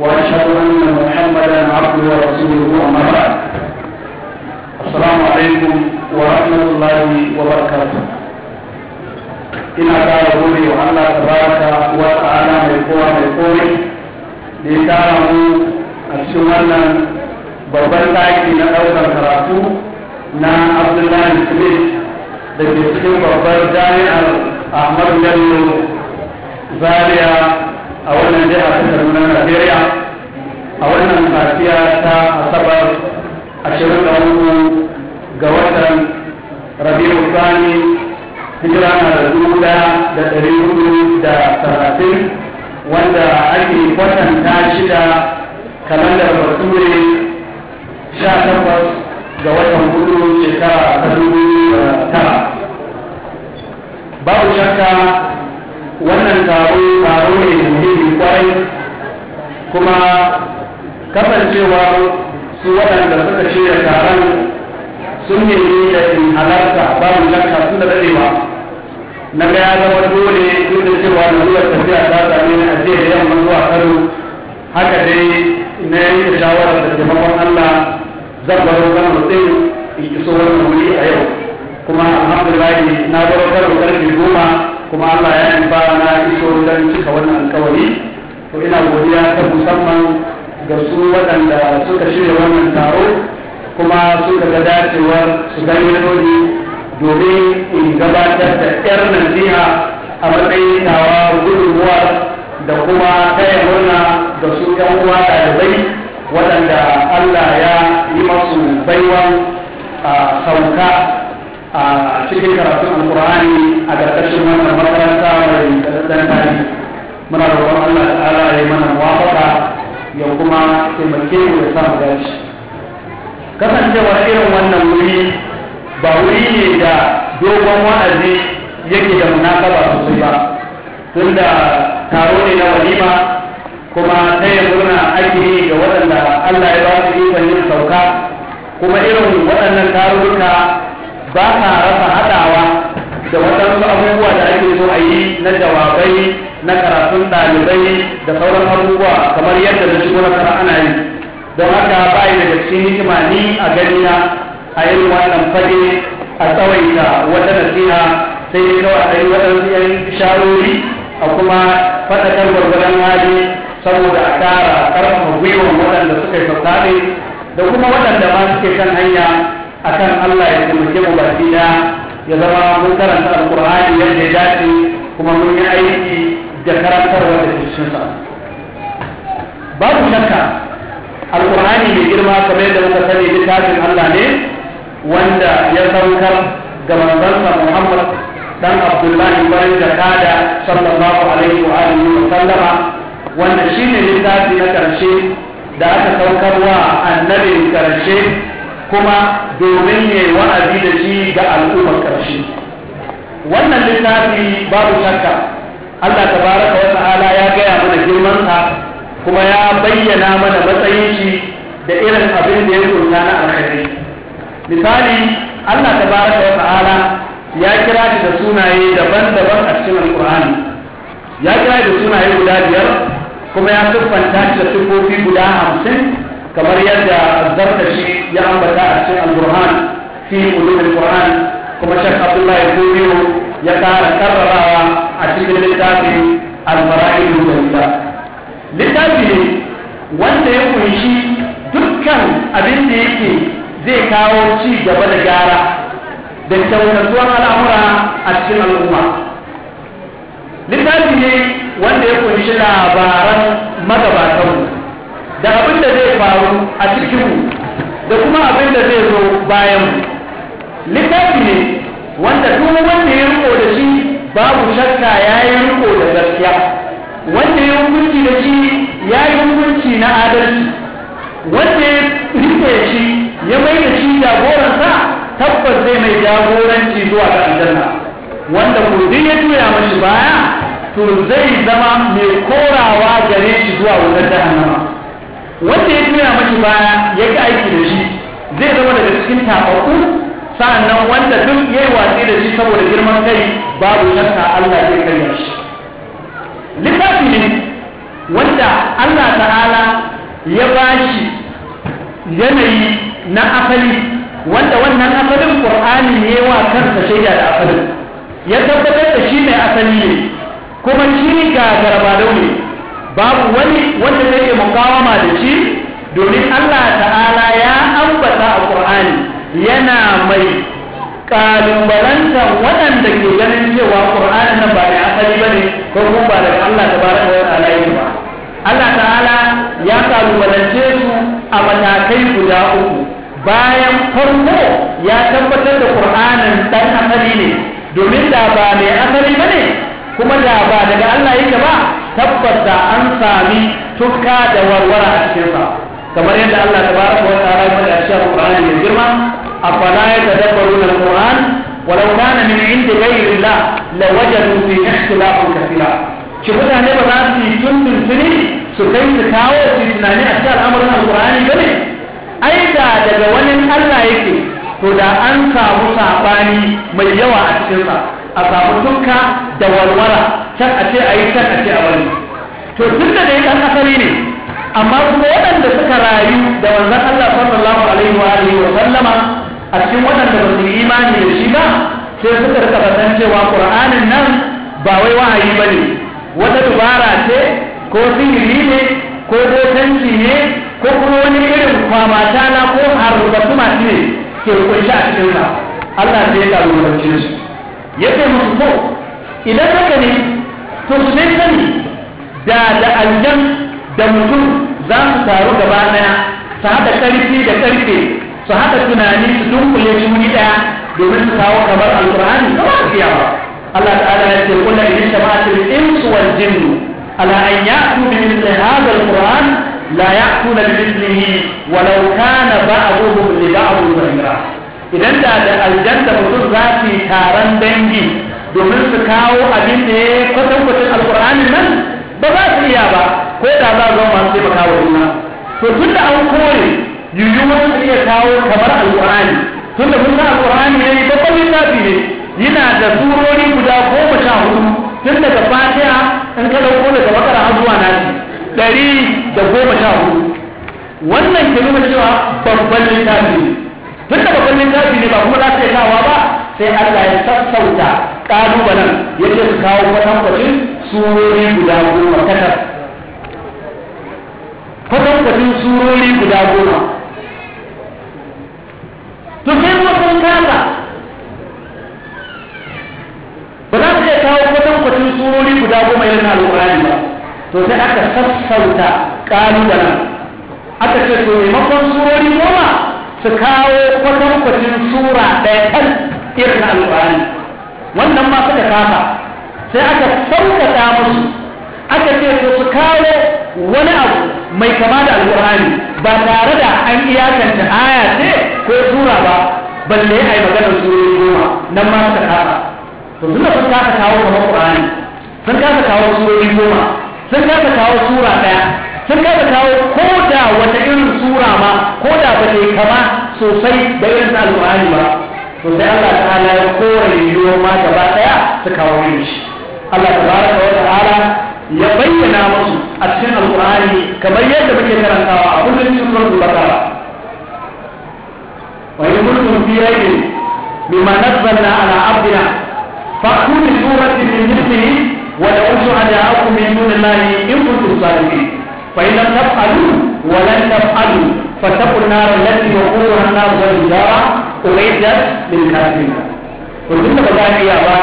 وأشهد أن محمدا عبده ورسوله أما بعد السلام عليكم ورحمة الله وبركاته ina ƙara gode wa Allah tabaraka wa ta'ala mai kowa mai kore da ya tara mu a cikin wannan babban taki na ɗaukar karatu na Abdullahi Smith da ke cikin babbar jami'ar Ahmadu Bello Zaria a wannan jiha ta kaduna najeriya a wannan safiya ta asabar a da uku ga watan rabiu sani hijira na da dubu daya da ɗari hudu da talatin wanda ake kwatanta shida kalandar bature sha takwas ga watan hudu shekara ta dubu tara babu shakka wannan taro kuma kasancewa su waɗanda suka da taron sun ne da in halarta babu lakka su da daɗewa na ga zama dole duk da cewa zuwa tafiya ta same ni a da yamma zuwa karo haka dai na da shawarar da taimakon allah zan baro kano ɗin in iso wani wuri a yau kuma alhamdulilahi na baro kano ƙarfe goma kuma allah ya yi ba na iso don cika wannan alkawari to ina godiya ta musamman ga su waɗanda suka shirya wannan taro kuma su daga dacewar su gayyato domin in gabatar da 'yar nasiha a matsayin tawa gudunmuwar da kuma taya murna ga su 'yan uwa ɗalibai waɗanda Allah ya yi masu baiwan sauka a cikin karatun alkur'ani a ƙarƙashin wannan makaranta mai ɗan tarihi muna roƙon Allah da ala mana muwafaka ya kuma taimake mu da samu dace kasancewar irin wannan wuri ba wuri ne da dogon wa'azi yake da munasaba sosai ba tunda taro ne na walima kuma ta yi murna ake ga waɗanda Allah ya ba su ikon yin sauka kuma irin waɗannan tarurruka ba ka rasa haɗawa da waɗansu abubuwa da ake so a yi na jawabai na karatun ɗalibai da sauran abubuwa kamar yadda da shigo na kara ana yi don haka bai daga cikin hikima ni a ganina a yin wannan fage a tsawaita wata nasiha sai dai kawai a yi waɗansu yan sharori a kuma faɗaɗar gwargwadon hali saboda a ƙara ƙarfafa gwiwan waɗanda suka yi sassaɓe da kuma waɗanda ba suke kan hanya a kan Allah ya taimake mu baki ya zama mun karanta alƙur'ani yadda ya dace kuma mun yi aiki da da cikinsa babu shakka alkur'ani mai girma kamar yadda muka sani littafin allah ne wanda ya saukar ga manzansa muhammad dan abdullahi bayan da kada sallallahu alaihi wa alihi wa sallama wanda shine littafi na karshe da aka wa annabi karshe kuma domin ya wa'azi da shi ga al'ummar karshe wannan littafi babu shakka Allah tabaraka wa ta'ala ya gaya mana girman sa kuma ya bayyana mana matsayin shi da irin abin da ya kunta na alheri misali Allah tabaraka wa ta'ala ya kira shi da sunaye daban-daban a cikin alkur'ani ya kira da sunaye guda biyar kuma ya siffanta shi da siffofi guda hamsin kamar yadda shi ya ambata a cikin alkur'an fi ulumul qur'an kuma shek abdullahi gobiyo ya kara karrarawa cikin littafin littafi ne wanda ya kunshi dukkan abin da yake zai kawo ci gaba da gyara da al'amura a cikin al'umma littafi ne wanda ya kunshi labaran magabatanmu da abin da zai faru a cikinmu da kuma abin da zai zo bayan. littafi ne wanda duk wanda ya riko da shi babu shakka ya yi riko da gaskiya wanda ya hukunci da shi ya yi hukunci na adalci wanda ya rike shi ya mai da shi jagoransa tabbas zai mai jagoranci zuwa ga aljanna wanda ko duk ya tura mashi baya to zai zama mai korawa gare shi zuwa wutar jahannama wanda ya tura mashi baya ya ga aiki da shi zai zama daga cikin tabaku sa'annan wanda duk yayi watsi da shi saboda girman kai babu shakka Allah zai karya shi littafi ne wanda Allah ta'ala ya bashi yanayi na asali wanda wannan asalin Qur'ani ne wa kansa shaida da asalin ya tabbatar da shi mai asali ne kuma shi ga garbadau ne babu wani wanda zai yi mukawama da shi domin Allah ta'ala ya ambata a Qur'ani yana mai kalubalantar waɗanda ke ganin cewa ƙur'ani nan ba da asali ba ne ko kuma ba daga Allah ta bara da wata alayi ba Allah ta'ala ya kalubalance su a matakai guda uku bayan farko ya tabbatar da ƙur'anin dan asali ne domin da ba mai asali ba ne kuma da ba daga Allah yake ba tabbata an sami tukka da warwara a cikinsa kamar yadda Allah ta tabaraka wa ta'ala ya faɗa a ƙur'ani Qur'ani mai girma أفلا يتدبرون القرآن ولو كان من عند غير الله لوجدوا في اختلاف كثيرا shi mutane ba za su yi tuntun tuni su kai su kawo su tunani a cikin al'amuran alƙur'ani ba ne da daga wani allah yake to da an samu saɓani mai yawa a cikinsa a samu da walwala, can a ce a yi a ce a wani to tun da dai ɗan asali ne amma kuma waɗanda suka rayu da wanzan allah sallallahu alaihi wa alihi wa sallama a cikin waɗanda ba su yi imani da shi ba sai suka rika fatan cewa ƙur'anin nan ba wai wa'ayi ba ne wata dubara ce ko sihiri ne ko bokanci ne ko kuma wani irin ta na ko harbatu masu ne ke kunshi a cikin sa Allah sai ya cikin su ya ce musu ko idan haka ne to su sani da da aljan da mutum za su taru gaba ɗaya ta haɗa ƙarfi da ƙarfe su haɗa tunani su dunkule shi wuri ɗaya domin su kawo kamar alƙur'ani ba za su iya ba Allah ta'ala ya ce kullu in jama'atul insu wal jinnu ala an ya'tu bi mithli hadha alquran la ya'tuna bi mithlihi walau kana ba'duhum li ba'dhin zahira idan da da aljanna mutum za su yi taron dangi domin su kawo abin da ya kwatankwacin alƙur'anin nan ba za su iya ba ko da za su zama masu taimaka kawo juna to tun da an kore yiwuwar su iya kawo kamar alƙur'ani tunda mun san alƙur'ani ne babban littafi ne yana da surori guda goma sha hudu tun daga fatiha in ka dauko daga bakara har zuwa nasi ɗari da goma sha hudu wannan ke nuna cewa babban littafi ne tun babban littafi ne ba kuma za su kawo ba sai Allah ya sassauta ƙalubalen ya ce su kawo kwatankwacin surori guda goma kwatankwacin surori guda goma to sai mu sun kasa ba za su iya kawo kwatankwacin surori guda goma irin alƙur'ani ba to sai aka sassauta ƙalubalen aka ce to maimakon surori goma su kawo kwatankwacin sura ɗaya kan irin alƙur'ani wannan ma suka kasa sai aka saukata musu aka ce to su kawo wani abu mai kama da alƙur'ani ba tare da an iyakanta aya ce ko sura ba balle yi maganar surori goma nan ma suka kasa to suna sun kasa kawo kamar ƙur'ani sun kasa kawo surori goma sun kasa kawo sura ɗaya sun kasa kawo ko da wata irin sura ma ko da ba ta kama sosai da irin ta alƙur'ani ba to sai Allah ta'ala ya kore yiwuwa ma gaba ɗaya su kawo yin shi Allah tabaraka wa ta'ala ya bayyana musu a cikin alƙur'ani kamar yadda muke karantawa a kullum cikin suratul baqara wa in kuntum fi raybin mimma nazzalna ala abdina fa'tu bi suratin min mithlihi wa da'u shuhada'akum min dunillahi in kuntum sadiqin fa in lam taf'alu wa lan taf'alu fattaqun nar allati waquduha an-nar wal hijara u'iddat lil kafirin to duk da ba za iya ba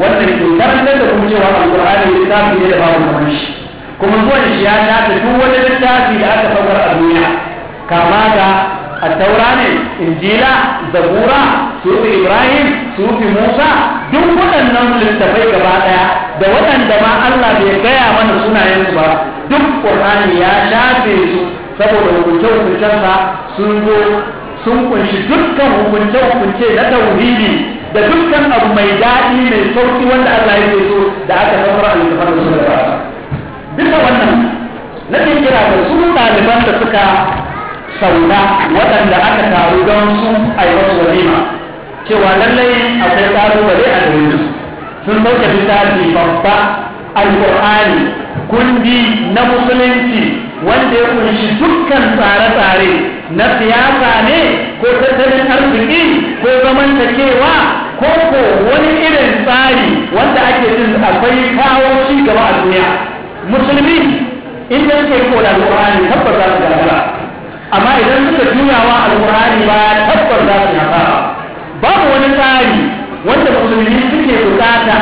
Wannan ke tabbatar da kuma cewa alqur'ani littafi ne da babu kamar shi kuma zuwan shi ya dace duk wani littafi da aka saukar a duniya kama da التوراة Injila, زبورة سورة إبراهيم سورة موسى duk waɗannan littafai gaba ɗaya da waɗanda ma Allah bai gaya mana sunayensu ba duk Qur'ani ya shafe su saboda hukunce-hukuncensa sun zo sun kunshi dukkan hukunce-hukunce na tauhidi da dukkan abu mai daɗi mai sauki wanda Allah ya so da aka saukar a da suka ba duka wannan na ke kira da su ɗaliban da suka sauna waɗanda aka taru don su a yi wasu walima cewa lallai akwai ƙalubale a su sun ɗauke littafi babba alƙur'ani kundi na musulunci wanda ya kunshi dukkan tsare-tsare na siyasa ne ko tattalin arziki ko zaman zamantakewa ko wani irin tsari wanda ake jin akwai kawo ci gaba a duniya musulmi in suke ko da alƙur'ani tabbar za su gaba amma idan suka juyawa alƙur'ani ba tabbar za su gaba babu wani tsari wanda musulmi suke bukata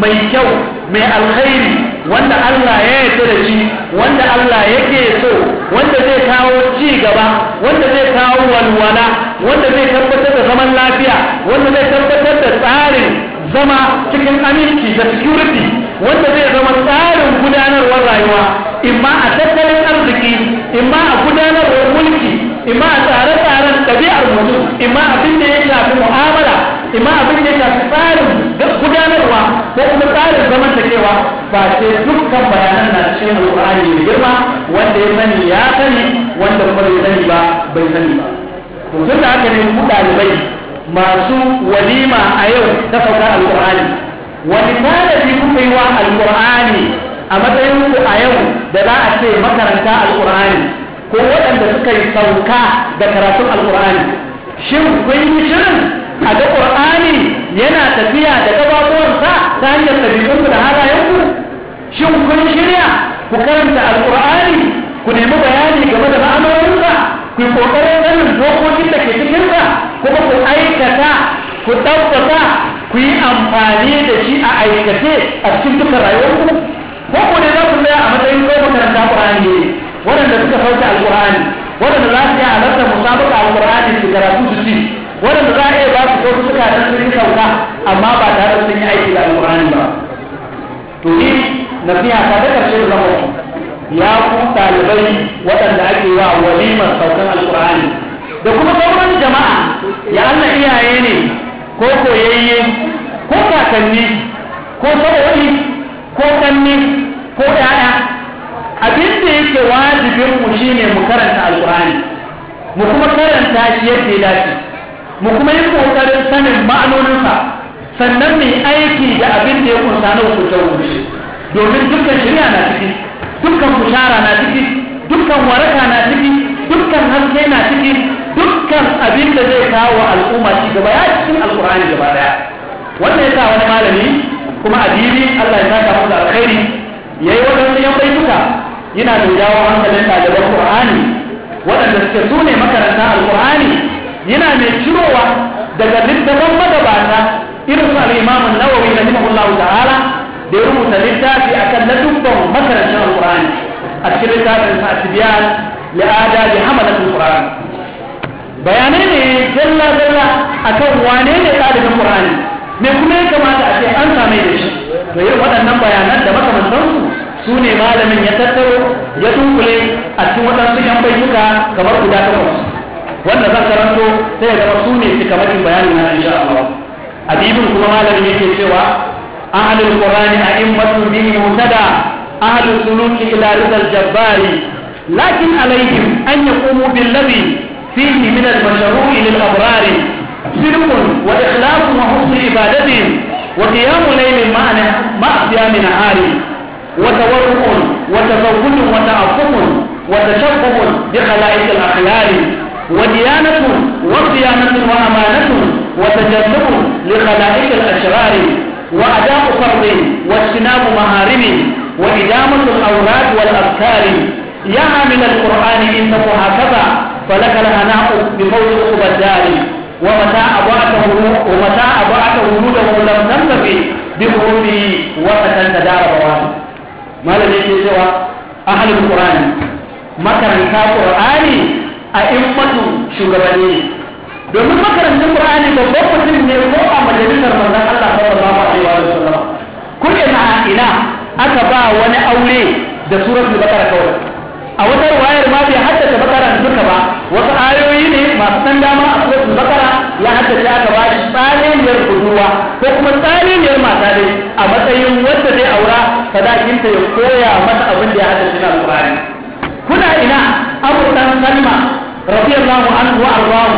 mai kyau mai alkhairi wanda Allah ya yarda da shi wanda Allah yake so wanda zai kawo ci gaba wanda zai kawo walwala wanda zai tabbatar da zaman lafiya wanda zai tabbatar da tsarin zama cikin aminci da security wanda zai zama tsarin gudanarwar rayuwa imma a tattalin arziki imma a gudanarwar mulki imma a tsare-tsaren ɗabi'ar mutum imma abin da ya shafi mu'amala imma abin da ya shafi tsarin gudanarwa ko kuma tsarin zamantakewa ba sai dukkan bayanan na cikin alƙur'ani da girma wanda ya sani ya sani wanda kuma bai sani ba bai sani ba to da haka ne mu ɗalibai masu walima a yau ta sauka alkur'ani wani tanadi kuka yi wa alkur'ani a matsayin ku a yau da za a ce makaranta alkur'ani ko waɗanda suka yi sauka da karatun alkur'ani shin kun yi shirin a ga ƙur'ani yana tafiya da gababuwansa ta hanyar ɗabi'unku da halayenku shin kun shirya ku karanta alkur'ani ku nemi bayani game da ma'anoninsa ku yi ƙoƙarin sanin dokokin da ke cikinsa kuma ku ku ɗaukata ku yi amfani da shi a aikace a cikin duka rayuwarku ko ku ne za ku tsaya a matsayin kai makaranta Qur'ani ne waɗanda suka sauke Al-Qur'ani waɗanda za su yi halarta musabaka Al-Qur'ani su karatu su ci waɗanda za a iya ba su su suka da sun yi sauka amma ba tare da sun yi aiki da Al-Qur'ani ba to ni nasiha ta da karshe da zama ya ku ɗalibai waɗanda ake wa walimar saukan Al-Qur'ani da kuma sauran jama'a ya Allah iyaye ne ko koyayye ko kakanni ko sabo'i ko kanni ko ƴaƴa, abin da yake wajibin mu shine mu karanta alƙur'ani mu kuma karanta shi yadda ya dace mu kuma yi ƙoƙarin sanin ma'anoninsa sannan mu aiki da abin da ya kunsa na hukuntar rubuce domin dukkan shirya na ciki dukkan bushara na ciki dukkan waraka na ciki dukkan haske na ciki dukkan abin da zai kawo al'umma shi gaba ya cikin alkur'ani gaba daya wannan ya sa wani malami kuma addini Allah ya saka masa alkhairi yayi wadansu yan baituka yana da jawo hankalin ɗaliban Qur'ani waɗanda suke su ne makaranta alkur'ani yana mai cirowa daga littafin magabata irin su al-Imam an-Nawawi rahimahullahu ta'ala da ya rubuta littafi akan na dubban makarantar alkur'ani a cikin littafin sa Tibiyan li'ada bi hamalat alkur'ani bayanai ne jalla a akan wane ne ɗalibin Qur'ani me kuma ya kamata a ce an same da shi to irin waɗannan bayanan da makamantansu su ne malamin ya tattaro ya dunkule a cikin waɗansu yan bayyuka kamar guda takwas wanda zan karanto sai ya zama su ne cikamakin bayani na insha Allah adibin kuma malamin yake cewa ahlul qur'ani a'immatu bihi mutada أهل السلوك إلى lakin الجبار لكن عليهم أن يقوموا بالذي فيه من المشروع للأبرار صدق وإخلاص وحسن عبادتهم وقيام ليل مع قيام نهار وتورق وتزوج وتعفف وتشبه بخلائق الأخيار وديانة وصيانة وأمانة وتجنب لخلائق الأشرار وأداء فرض واجتناب مهارم وإدامة الأوراد والأذكار يا عامل القرآن إنه هكذا فلك الهناء بقول عقب ومتى أبعت ومتى أبعت وجوده لم تنتفي بقرونه وفتن دار بوانه ما الذي يجوى أهل القرآن makaranta ƙur'ani a immatu shugabanni domin makarantun ƙur'ani babban mutum ne ko a majalisar manzon Allah sallallahu alaihi wa sallam ina aka ba wani aure da suratul baqara kawai a wata riwayar ma bai haddace baqara duka ba wasu ayoyi ne masu ɗan dama a suratul bakara ya shi aka ba shi tsaliniyar kuduwa ko kuma tsaliniyar mata dai a matsayin wadda zai aura sadakinta ya koya mata abin da ya shi na alƙur'ani kuna ina abu dan salma radiyallahu anhu wa ardahu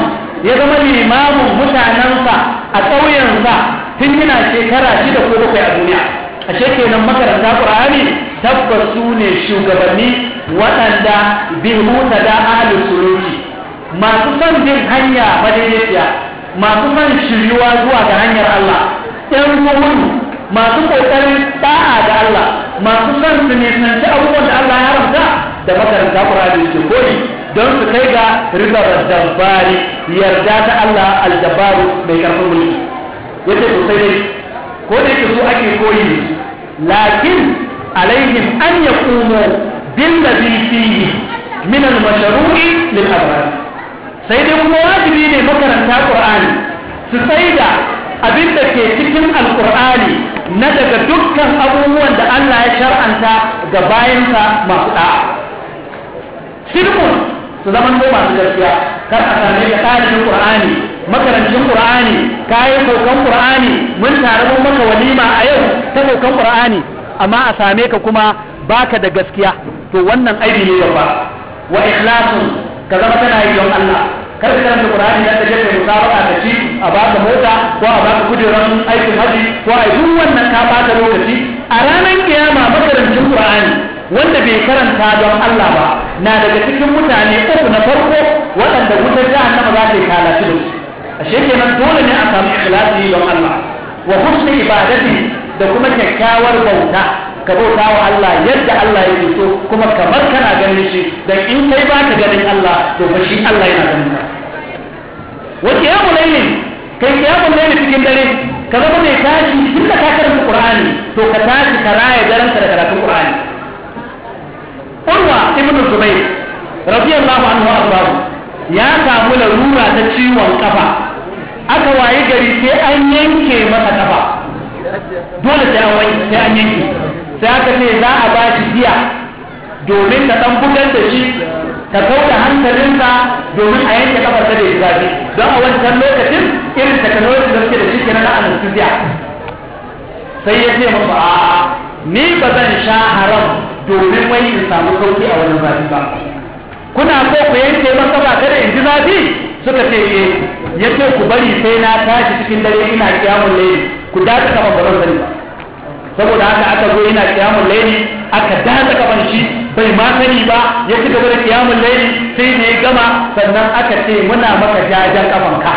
ya zama limamin mutanensa a ƙauyensa tun yana shekara shida ko bakwai a duniya a kenan makaranta ƙur'ani tabbas su ne shugabanni waɗanda bihu ta da ahalin suruki masu son bin hanya madaidaiciya masu son shiryuwa zuwa ga hanyar Allah ɗan ruwan masu ƙoƙarin ta'a da Allah masu son su nisanci abubuwan da Allah ya haramta da makaranta ƙurari yake koyi don su kai ga rigar dabari, yarda ta Allah aljabaru mai ƙarfin mulki yace to sai dai ko da yake su ake koyi ne lakin alaihim an yaqumu bil ladhi fihi min al-mashru'i lil abrar sai dai kuma wajibi ne makaranta ƙur'ani su sai da abin da ke cikin alqur'ani na daga dukkan abubuwan da Allah ya shar'anta ga bayansa masu da'a shirkun su zaman ko masu gaskiya kar a same da ɗalibin qur'ani makarancin ƙur'ani, kayan kokon ƙur'ani, mun tare mun maka walima a yau ta saukan ƙur'ani amma a same ka kuma baka da gaskiya to wannan aibi ne ba wa ikhlasun ka zama kana yi don Allah kar ka karanta Qur'ani da take kai musabaka da shi a baka mota ko a baka kujeran aikin haji ko a duk wannan ka bata lokaci a ranar kiyama makarantin Qur'ani wanda bai karanta don Allah ba na daga cikin mutane uku na farko waɗanda wutar jahannama za ta yi kalaci da su ashe kenan dole ne a samu ikhlasi don Allah wa husni ibadati da kuma kyakkyawar bauta ka bauta wa Allah yadda Allah ya so kuma kamar kana ganin shi dan in kai ba ka ganin Allah to fa shi Allah yana ganin ka wa qiyamul layl kai qiyamul cikin dare ka zama mai tashi duk da ka karanta Qur'ani to ka tashi ka raya daren ka da karatun Qur'ani Urwa ibn Zubayr radiyallahu anhu ardahu ya samu larura ta ciwon kafa aka wayi gari sai an yanke masa kafa dole sai an yanke sai aka ce za a ba shi giya domin ka ɗan bugar da shi ka kau da hankalinsa domin a yanke kafar ta da ya zafi don a wancan lokacin irin technology da suke da shi kenan na anesthesia sai ya ce musu a ni ba zan sha haram domin wai in samu sauki a wani zafi ba kuna so ku yanke masa ba kada in ji zafi suka ce eh ya ce ku bari sai na tashi cikin dare ina kiyamun laili ku dace kafa ba zan ba saboda haka aka zo yana kiyamun laili aka dasa kafan shi bai ma sani ba ya ci gaba da kiyamun laili sai da ya gama sannan aka ce muna maka jajen kafan ka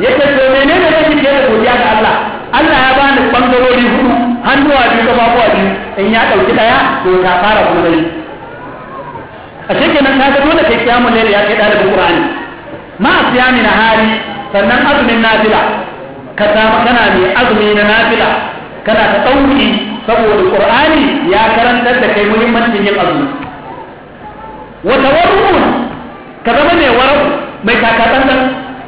yake to ne ne kike da godiya ga Allah Allah ya bani bangarori hudu hannuwa biyu kafafuwa biyu in ya dauki daya to ta fara gudai a nan ka ga dole kai kiyamun laili ya kai dalibin Qur'ani ma asiyami na hari sannan azumin nafila ka samu kana mai azumi na nafila kana ta ɗauki saboda ƙur'ani ya karantar da kai muhimmancin yin azumi wata warukun ka zama mai warau mai takatsantsan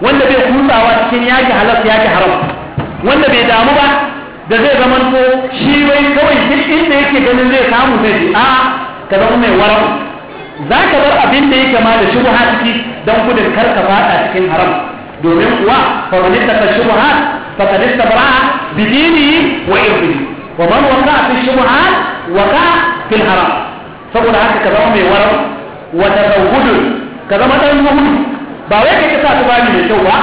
wanda bai kusawa cikin yaki halas yaki haram wanda bai damu ba da zai zama to shi bai kawai duk inda yake ganin zai samu zai ji a ka zama mai warau za ka bar abin da ya kama da shubha ciki don gudun kar ka fada cikin haram domin kuwa fa ta ittaka shubuhat fa qad istabra'a bi dinihi wa irdihi wa man waqa'a fi shubuhat waqa'a fil haram saboda haka ka zama mai warau wa tazawwudu ka zama dan zuhudu ba wai ka kisa su bani mai kyau ba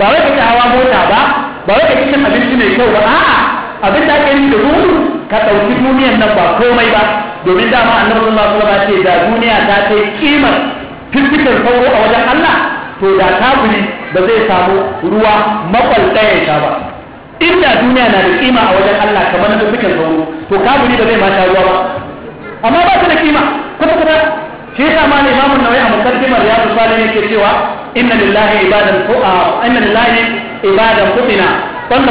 ba wai ka hawa mota ba ba wai ka kisa abinci mai kyau ba a'a abin da ake yi da zuhudu ka ɗauki duniyar nan ba komai ba domin dama annabi sallallahu alaihi wasallam ya ce da duniya ta kai kimar fifikar sauro a wajen Allah to da kafiri ba zai samu ruwa makwalta ya sha ba inda duniya na da kima a wajen Allah kamar na dukkan sauro to kafiri ba zai ma sha ruwa ba amma ba su da kima kuma kuma shi yasa ma ne imamun nawai a mukaddimar ya su salihin yake cewa inna lillahi ibadan fu'a inna lillahi ibadan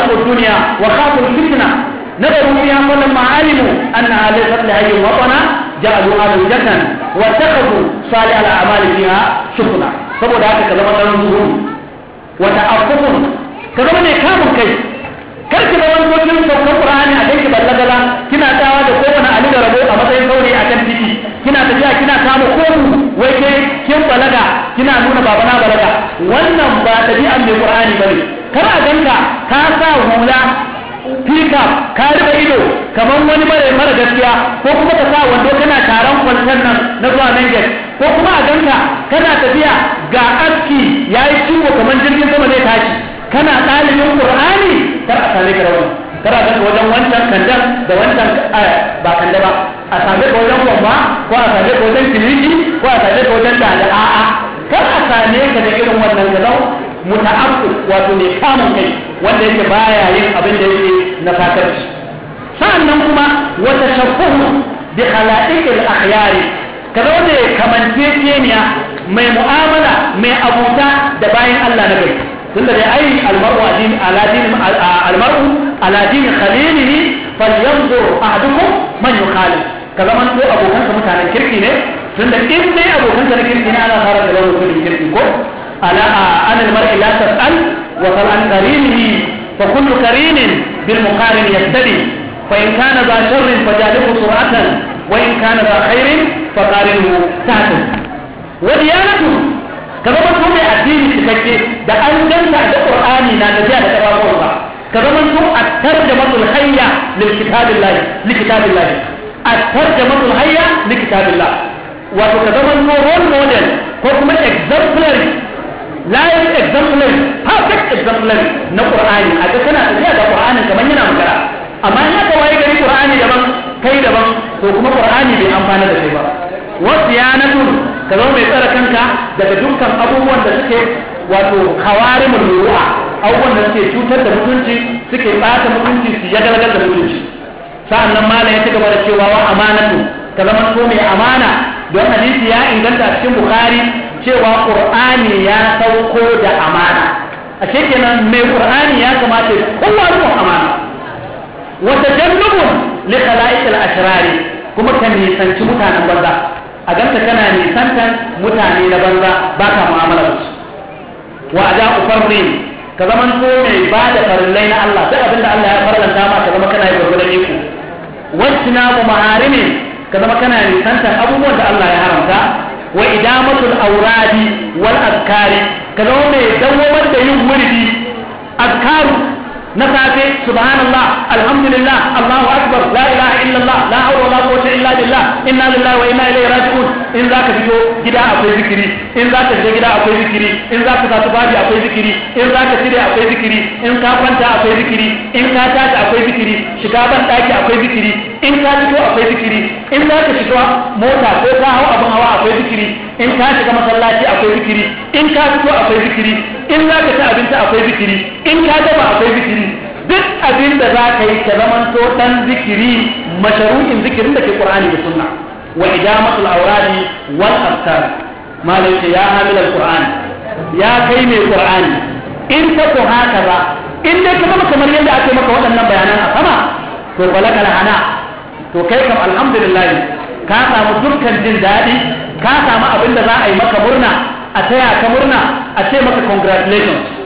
ko duniya wa khafu fitna na da طلقوا الدنيا وخافوا الفتنة نظروا فيها فلما علموا أنها ليست ja'alu وطنا جعلوا wa جنة واتخذوا صالح الأعمال فيها شكرا saboda haka ka zama ɗan zuwa wata akukun ka zama mai kamun kai kar ki wani sokin saukar qur'ani a kai ki ballagala kina tawa da kowane ali da rabo a matsayin saurayi a kan titi kina tafiya kina kama komu wai ke kin balaga kina nuna babana balaga wannan ba ɗabi'an mai ba ne. kar a ganka ka sa hula fika ka riba ido kamar wani mara mara gaskiya ko kuma ka sa wando kana taron kwantar nan na zuwa nan ko kuma a ganka kana tafiya ga aski yayi ciwo kamar jirgin sama zai tashi kana ɗalibin qur'ani kar a sami ka kar a ganka wajen wancan kandan da wancan ba kanda ba a same ka wajen gwamma ko a same ka wajen kiliki ko a same ka wajen dada a'a kar a same ka da irin wannan gazau mutaabbu wato ne kamun kai wanda yake baya yin abin da yake na sa'an nan kuma wata shafuhu bi khala'iqil akhyari kaza wanda ya kamance keniya mai mu'amala mai abuta da bayan Allah na gari tunda dai ai almar'u adin ala dinin almar'u ala dinin khalilihi falyanzur ahadukum man yukhalif kaza man ko abokansa mutanen kirki ne tunda in dai abokansa na kirki ne ana fara da wani kirki ko ala anil mar'i la tas'al وطبعا كريمه فكل كريم بالمقارن يبتدي فإن كان ذا شر فجالبه سرعة وإن كان ذا خير فقارنه ساعة وديانته كما تقول الدين تكجي ده أن تنسى لا قرآني نتجاه الله كما تقول الترجمة الحية لكتاب الله لكتاب الله الترجمة الحية لكتاب الله تقول رول موديل كما تقول live exemplary perfect exemplary na qur'ani a ga kana tafiya da qur'ani kamar yana magana amma in aka waye gari qur'ani daban kai daban to kuma qur'ani bai amfana da kai ba wasu yanatun ka zama mai tsara kanka daga dukkan abubuwan da suke wato kawarimul ru'a abubuwan da suke cutar da mutunci suke ɓata mutunci su ya galgal da mutunci sa'an nan malam ya ci gaba da cewa wa amanatu ka zama to mai amana don hadisi ya inganta cikin bukhari cewa ƙur'ani ya sauko da amana a kenan mai ƙur'ani ya kamata kowa ruwan amana wata jannubun li khala'iqil kuma ka nisanci mutanen banza a ganta kana nisantan mutane na banza ba ka mu'amala da su wa ada ufarri ka zama so mai ba da farillai na Allah duk abin da Allah ya farlanta ma ka zama kana yi gurgurdan iko wacce na mu ka zama kana nisantan abubuwan da Allah ya haramta wa idamatul auradi wal azkari ka zama mai dawamar da yin wurdi azkaru na safe subhanallah alhamdulillah allahu akbar la ilaha illallah la hawla wala illa billah inna lillahi wa inna ilaihi raji'un in zaka fito gida akwai zikiri in zaka je gida akwai zikiri in zaka tafi tufafi akwai zikiri in zaka tire akwai zikiri in ka kwanta akwai zikiri in ka tashi akwai zikiri shiga ban daki akwai zikiri in ka fito akwai zikiri in zaka shiga mota ko ka hau abin hawa akwai zikiri in ka shiga masallaci akwai zikiri in ka fito akwai zikiri in zaka ci abinci akwai zikiri in ka gaba akwai zikiri duk abin da za ka yi ka zamanto to dan zikiri mashru'in zikirin da ke ƙur'ani da sunna wa idamatul awradi wal afkar malai ya hamil alquran ya kai mai qur'ani in ka ko haka ba in dai ka zama kamar yadda ake maka waɗannan bayanan a sama to balaka hana to kai kam alhamdulillah ka samu dukkan jin daɗi ka samu abin da za a yi maka murna a taya ka murna a ce maka congratulations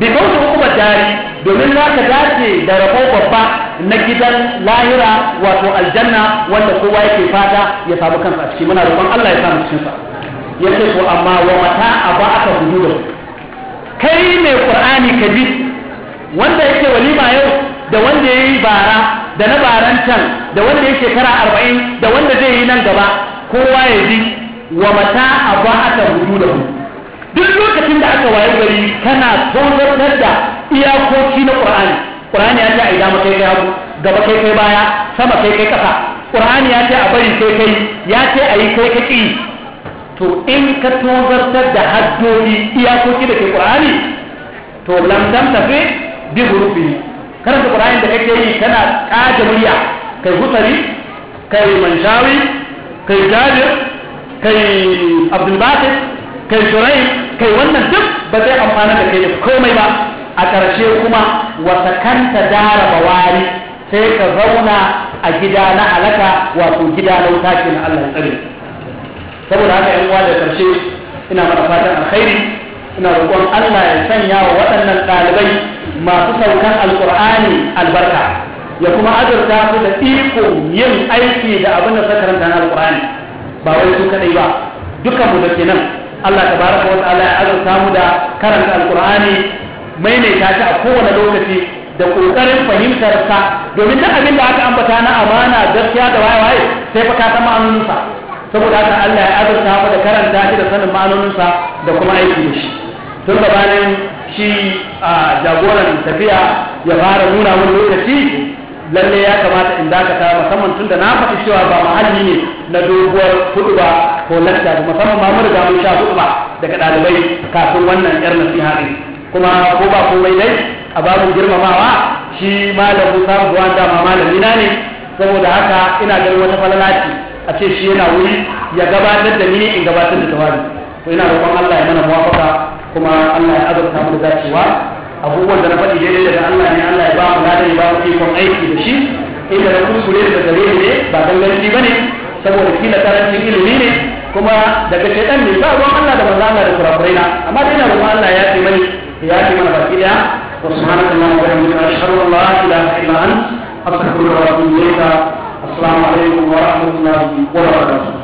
bi kauce hukumar dari domin za ka dace da rabon babba na gidan lahira wato aljanna wanda kowa yake fata ya samu kansa ciki muna roƙon Allah ya samu cikin Ya ce ko amma wa mata aba aka hudu da kai mai qur'ani ka bi wanda yake walima yau da wanda yayi bara da na baran can da wanda yake shekara 40 da wanda zai yi nan gaba kowa ya ji wa mata aba aka hudu da duk lokacin da aka waye gari kana tozartar da iyakoki na ƙur'ani ƙur'ani ya ce a idama kai kai gaba kai kai baya sama kai kai ƙasa ƙur'ani ya ce a bari kai kai ya ce a yi kai ka to in ka tozartar da haddodi iyakoki da ke ƙur'ani to lamdam tafi bi hurufi karanta ƙur'ani da kake yi kana ƙaja murya kai husari kai manshawi kai jabir kai abdulbasit kai shurai kai wannan duk ba zai amfana da kai komai ba a ƙarshe kuma wata kanta dara bawari sai ka zauna a gida na halaka wato gida na wuta ke na Allah tsare saboda haka yan uwa da ƙarshe ina mana fatan alkhairi ina roƙon Allah ya sanya wa waɗannan ɗalibai masu saukan alƙur'ani albarka ya kuma azurta su da iko yin aiki da abin da suka karanta na alƙur'ani ba wai su kaɗai ba dukan mu da ke nan Allah ta baraka wa ta'ala ya azurta mu da karanta alqur'ani maimaita shi a kowane lokaci da kokarin fahimtar sa domin duk abin da aka ambata na amana gaskiya da waye waye sai fa ka san ma'anonin sa saboda haka Allah ya azurta mu da karanta shi da sanin ma'anonin sa da kuma aiki da shi tun gabanin shi a jagoran tafiya ya fara nuna wani lokaci lalle ya kamata in dakata musamman tun da na faɗi cewa ba muhalli ne na doguwar huɗu ba ko lakta da musamman ma mun riga mun sha ba daga ɗalibai kafin wannan yar nasiha din kuma ko ba komai dai a babu girmamawa shi malam Musa Buwan dama malami na ne saboda haka ina ganin wata falalaci a ce shi yana wuri ya gabatar da ni in gabatar da tawari to ina roƙon Allah ya mana muwafaka kuma Allah ya azurta mu da dacewa abubuwan da na faɗi daidai daga Allah ne Allah ya ba mu ladan ya ba mu ikon aiki da shi inda na kuskure da gare ne ba ba ne saboda kila karancin ilimi ne kuma daga shaitan ne ba ruwan Allah da manzo Allah da kurakurai na amma dai na roƙon Allah ya ce mani ya ce mana baki daya wa subhanaka allahumma wa bihamdika ashhadu an la ilaha illa anta astaghfiruka wa atubu ilayka assalamu alaikum wa rahmatullahi wa barakatuh